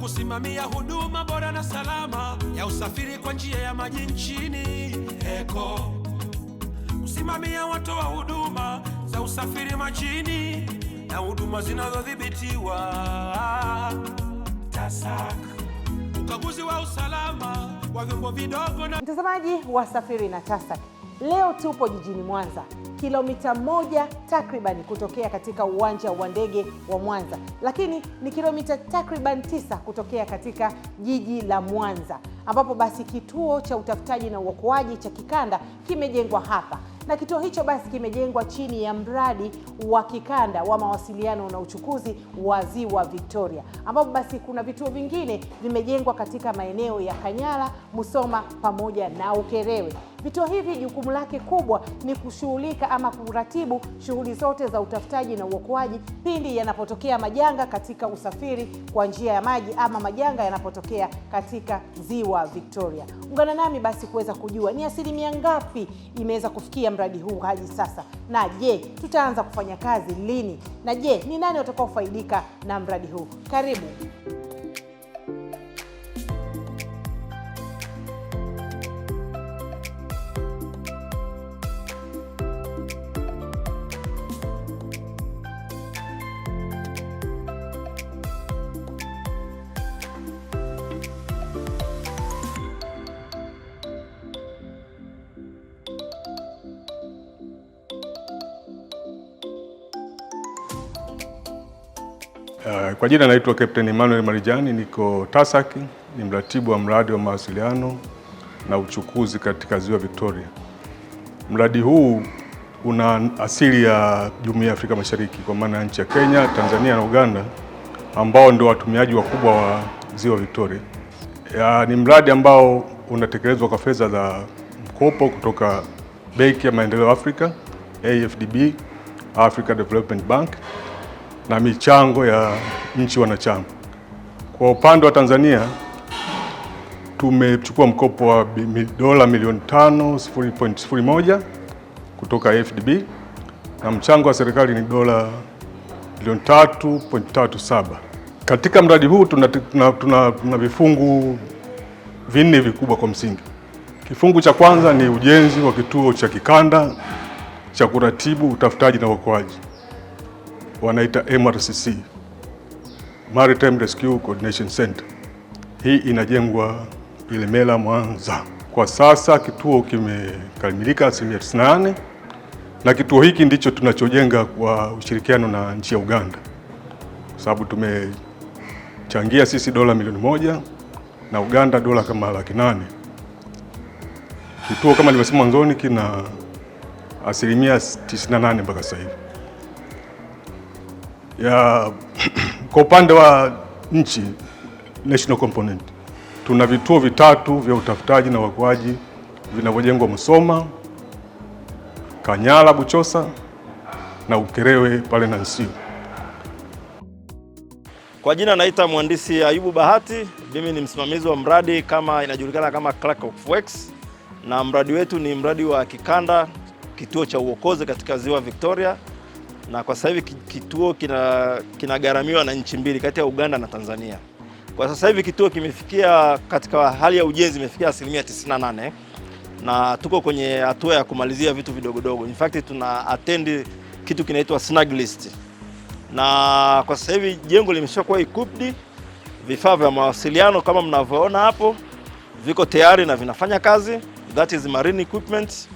kusimamia huduma bora na salama ya usafiri kwa njia ya maji nchini. Eko kusimamia watoa huduma za usafiri majini na huduma zinazodhibitiwa. TASAC ukaguzi wa usalama wa vyombo vidogo na... Mtazamaji wa Safiri na TASAC Leo tupo jijini Mwanza, kilomita moja takriban kutokea katika uwanja wa ndege wa Mwanza, lakini ni kilomita takriban tisa kutokea katika jiji la Mwanza, ambapo basi kituo cha utafutaji na uokoaji cha kikanda kimejengwa hapa na kituo hicho basi kimejengwa chini ya mradi wa kikanda wa mawasiliano na uchukuzi wa Ziwa Victoria, ambapo basi kuna vituo vingine vimejengwa katika maeneo ya kanyala Musoma pamoja na Ukerewe. Vituo hivi jukumu lake kubwa ni kushughulika ama kuratibu shughuli zote za utafutaji na uokoaji pindi yanapotokea majanga katika usafiri kwa njia ya maji ama majanga yanapotokea katika ziwa Victoria. Ungana nami basi kuweza kujua ni asilimia ngapi imeweza kufikia mradi huu hadi sasa, na je, tutaanza kufanya kazi lini, na je, ni nani watakaofaidika na mradi huu? Karibu. Uh, kwa jina naitwa Captain Emmanuel Marijani, niko TASAC, ni mratibu wa mradi wa mawasiliano na uchukuzi katika Ziwa Victoria. Mradi huu una asili ya Jumuiya ya Afrika Mashariki kwa maana ya nchi ya Kenya, Tanzania na Uganda ambao ndio watumiaji wakubwa wa Ziwa Victoria. Ya, uh, ni mradi ambao unatekelezwa kwa fedha za mkopo kutoka Benki ya Maendeleo Afrika, AfDB, Africa Development Bank na michango ya nchi wanachama. Kwa upande wa Tanzania tumechukua mkopo wa dola milioni 5.01 kutoka FDB na mchango wa serikali ni dola milioni 3.37. Katika mradi huu tuna, tuna, tuna, tuna vifungu vinne vikubwa kwa msingi. Kifungu cha kwanza ni ujenzi wa kituo cha kikanda cha kuratibu utafutaji na uokoaji wanaita MRCC, Maritime Rescue Coordination Center. Hii inajengwa Ilemela, Mwanza. Kwa sasa kituo kimekamilika asilimia 98, na kituo hiki ndicho tunachojenga kwa ushirikiano na nchi ya Uganda, kwa sababu tumechangia sisi dola milioni moja na Uganda dola kama laki nane. Kituo kama nilivyosema mwanzoni kina asilimia 98 mpaka sasa hivi ya kwa upande wa nchi national component tuna vituo vitatu vya utafutaji na uokoaji vinavyojengwa Musoma, Kanyala, Buchosa na Ukerewe pale na Kwa jina naita mhandisi Ayubu Bahati, mimi ni msimamizi wa mradi kama inajulikana kama Clerk of Works, na mradi wetu ni mradi wa kikanda, kituo cha uokozi katika ziwa Victoria na kwa sasa hivi kituo kinagharamiwa kina na nchi mbili kati ya Uganda na Tanzania. Kwa sasa hivi kituo kimefikia katika hali ya ujenzi imefikia asilimia 98 na tuko kwenye hatua ya kumalizia vitu vidogodogo. In fact tuna attend kitu kinaitwa snag list, na kwa sasa hivi jengo limeshakuwa equipped, vifaa vya mawasiliano kama mnavyoona hapo viko tayari na vinafanya kazi, that is marine equipment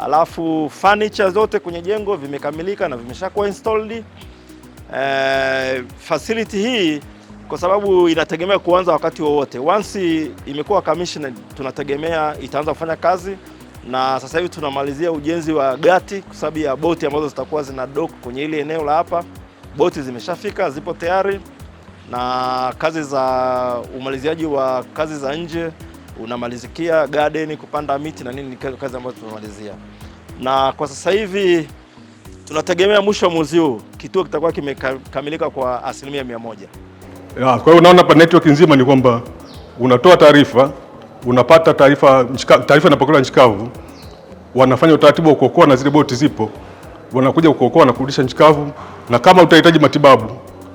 alafu furniture zote kwenye jengo vimekamilika na vimeshakuwa installed. Uh, facility hii kwa sababu inategemea kuanza wakati wowote. Once imekuwa commissioned, tunategemea itaanza kufanya kazi, na sasa hivi tunamalizia ujenzi wa gati kwa sababu ya boti ambazo zitakuwa zina dock kwenye ile eneo la hapa. Boti zimeshafika zipo tayari, na kazi za umaliziaji wa kazi za nje unamalizikia garden, kupanda miti na nini, ni kazi ambazo tumemalizia, na kwa sasa hivi tunategemea mwisho wa mwezi huu kituo kitakuwa kimekamilika kwa asilimia mia moja. Kwa hiyo unaona, pa network nzima ni kwamba unatoa taarifa, unapata taarifa, taarifa inapokelewa nchi kavu, wanafanya utaratibu wa kuokoa na zile boti zipo, wanakuja kuokoa na kurudisha nchi kavu, na kama utahitaji matibabu,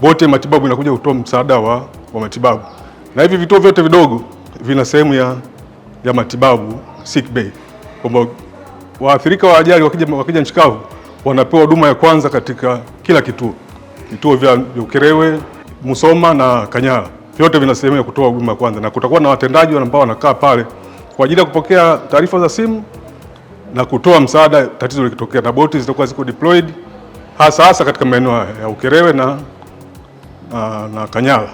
boti matibabu inakuja kutoa msaada wa, wa matibabu, na hivi vituo vyote vidogo vina sehemu ya, ya matibabu sick bay, kwamba waathirika wa ajali wakija, wakija nchi kavu wanapewa huduma ya kwanza katika kila kituo, vituo vya Ukerewe, Musoma na Kanyala vyote vina sehemu ya kutoa huduma ya kwanza, na kutakuwa na watendaji ambao wanakaa pale kwa ajili ya kupokea taarifa za simu na kutoa msaada tatizo likitokea, na boti zitakuwa ziko deployed hasa hasa katika maeneo ya Ukerewe na, na, na Kanyala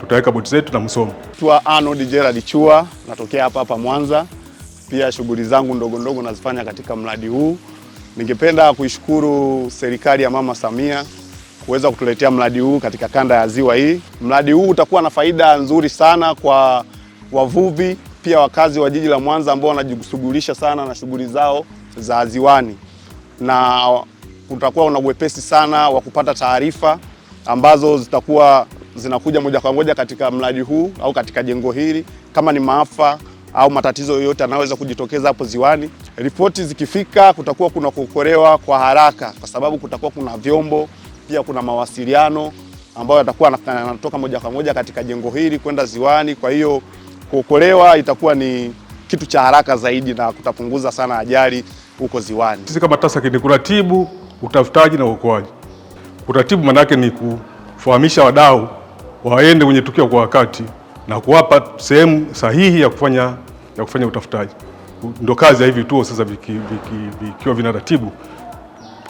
tutaweka boti zetu na msomo. Tua Arnold Gerald Chua, natokea hapa hapa Mwanza. Pia shughuli zangu ndogo ndogo nazifanya katika mradi huu. Ningependa kuishukuru serikali ya Mama Samia kuweza kutuletea mradi huu katika kanda ya ziwa hii. Mradi huu utakuwa na faida nzuri sana kwa wavuvi pia wakazi wa jiji la Mwanza ambao wanajishughulisha sana na shughuli zao za ziwani, na utakuwa una uwepesi sana wa kupata taarifa ambazo zitakuwa zinakuja moja kwa moja katika mradi huu au katika jengo hili, kama ni maafa au matatizo yoyote yanayoweza kujitokeza hapo ziwani. Ripoti zikifika, kutakuwa kuna kuokolewa kwa haraka, kwa sababu kutakuwa kuna vyombo, pia kuna mawasiliano ambayo yatakuwa yanatoka moja kwa moja katika jengo hili kwenda ziwani. Kwa hiyo kuokolewa itakuwa ni kitu cha haraka zaidi na kutapunguza sana ajali huko ziwani. Sisi kama TASAC ni kuratibu utafutaji na uokoaji. Kuratibu maana yake ni kufahamisha wadau waende kwenye tukio kwa wakati na kuwapa sehemu sahihi ya kufanya, ya kufanya utafutaji. Ndio kazi ya hivi vituo sasa vikiwa viki, viki vinaratibu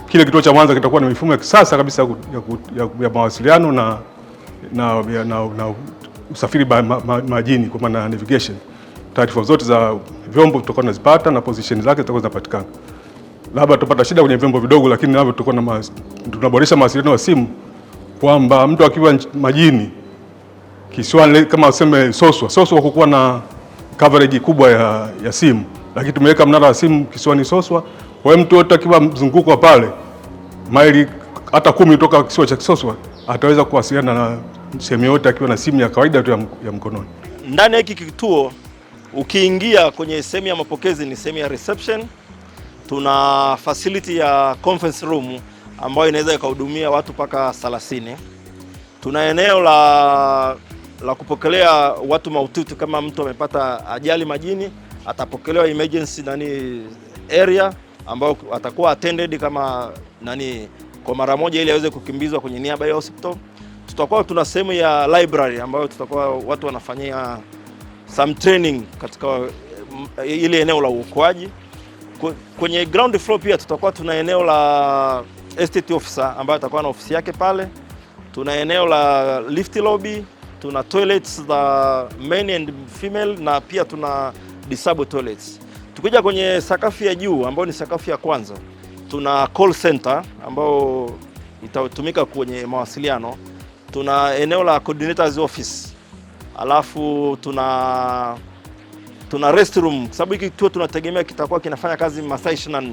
kile kituo cha Mwanza kitakuwa na mifumo ya kisasa kabisa ya, ya, ya mawasiliano na, na, ya, na, na usafiri ba, ma, ma, majini kwa maana navigation. Taarifa zote za vyombo tutakuwa tunazipata na position zake zitakuwa zinapatikana. Labda tutapata shida kwenye vyombo vidogo, lakini navyo tutakuwa na tunaboresha mawasiliano ya simu kwamba mtu akiwa majini kisiwani kama useme Soswa. Soswa kukuwa na coverage kubwa ya, ya simu, lakini tumeweka mnara wa simu kisiwani Soswa. Kwa hiyo mtu yote akiwa mzunguko pale maili hata kumi kutoka kisiwa cha Kisoswa ataweza kuwasiliana na sehemu yote akiwa na simu ya kawaida tu ya mkononi. Ndani ya hiki kituo ukiingia kwenye sehemu ya mapokezi ni sehemu ya reception. Tuna facility ya conference room ambayo inaweza ikahudumia watu mpaka 30. Tuna eneo la la kupokelea watu maututu Kama mtu amepata ajali majini, atapokelewa emergency nani area ambayo atakuwa attended kama nani kwa mara moja, ili aweze kukimbizwa kwenye niaba ya hospital. Tutakuwa tuna sehemu ya library ambayo tutakuwa watu wanafanyia some training katika eh, ile eneo la uokoaji. Kwenye ground floor pia tutakuwa tuna eneo la estate officer ambayo atakuwa na ofisi yake pale. Tuna eneo la lift lobby tuna toilets za men and female na pia tuna disabled toilets. Tukija kwenye sakafu ya juu ambayo ni sakafu ya kwanza, tuna call center ambayo itatumika kwenye mawasiliano. Tuna eneo la coordinators office, alafu tuna tuna restroom kwa sababu hiki kituo tunategemea kitakuwa kinafanya kazi masaa 24.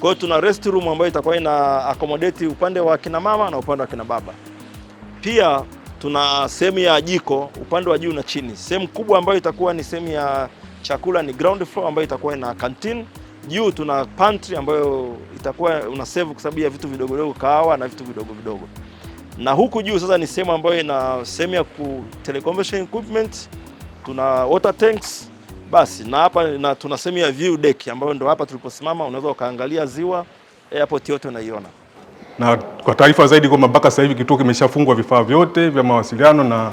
Kwa hiyo tuna restroom ambayo itakuwa ina accommodate upande wa kina mama na upande wa kina baba pia tuna sehemu ya jiko upande wa juu na chini. Sehemu kubwa ambayo itakuwa ni sehemu ya chakula ni ground floor ambayo itakuwa ina canteen. Juu tuna pantry ambayo itakuwa una save kwa sababu ya vitu vidogo vidogo, kahawa na vitu vidogo vidogo. Na huku juu sasa ni sehemu ambayo ina sehemu ya teleconversion equipment, tuna water tanks basi na hapa na tuna sehemu ya view deck ambayo ndio hapa tuliposimama, unaweza ukaangalia ziwa, airport yote unaiona na kwa taarifa zaidi kwamba mpaka sasa hivi kituo kimeshafungwa vifaa vyote vya mawasiliano na,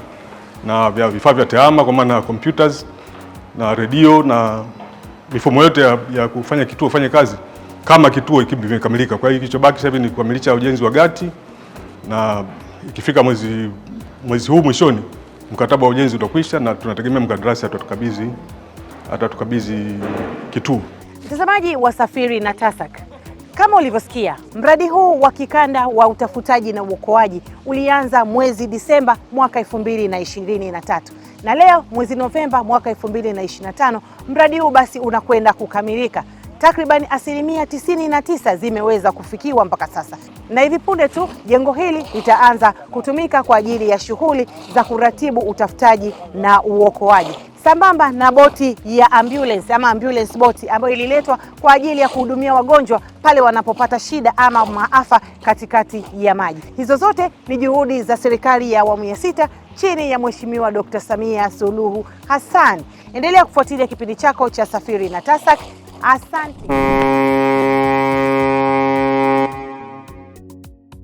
na vya vifaa vya tehama kwa maana ya computers na redio na mifumo yote ya, ya kufanya kituo fanye kazi kama kituo kimekamilika. Kwa hiyo kilichobaki sasa hivi ni kukamilisha ujenzi wa gati na ikifika mwezi, mwezi huu mwishoni mkataba wa ujenzi utakwisha na tunategemea mkandarasi atatukabidhi atatukabidhi kituo. Mtazamaji wa Safiri na TASAC kama ulivyosikia, mradi huu wa kikanda wa utafutaji na uokoaji ulianza mwezi Disemba mwaka 2023 na leo mwezi Novemba mwaka 2025 mradi huu basi unakwenda kukamilika. Takriban asilimia 99 zimeweza kufikiwa mpaka sasa, na hivi punde tu jengo hili litaanza kutumika kwa ajili ya shughuli za kuratibu utafutaji na uokoaji sambamba na boti ya ambulance ama ambulance boti ambayo ililetwa kwa ajili ya kuhudumia wagonjwa pale wanapopata shida ama maafa katikati ya maji. Hizo zote ni juhudi za serikali ya awamu ya sita chini ya Mheshimiwa Dr. Samia Suluhu Hassan. Endelea kufuatilia kipindi chako cha Safiri na Tasak. Asante.